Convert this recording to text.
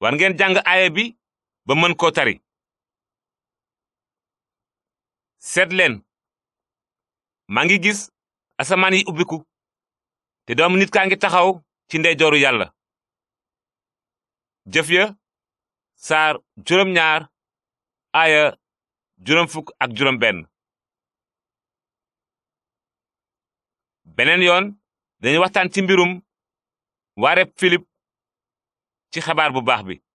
war ngeen jàng aaya bi ba mën koo tari seet leen maa ngi gis asamaan yi ubbiku te doom nit kaa ngi taxaw ci ndeyjooru yàlla jëf ya saar juróom ñaar aaya juróom fukk ak juróom benn beneen yoon dañu waxtaan ci mbirum waareb filip ci xabaar bu baax bi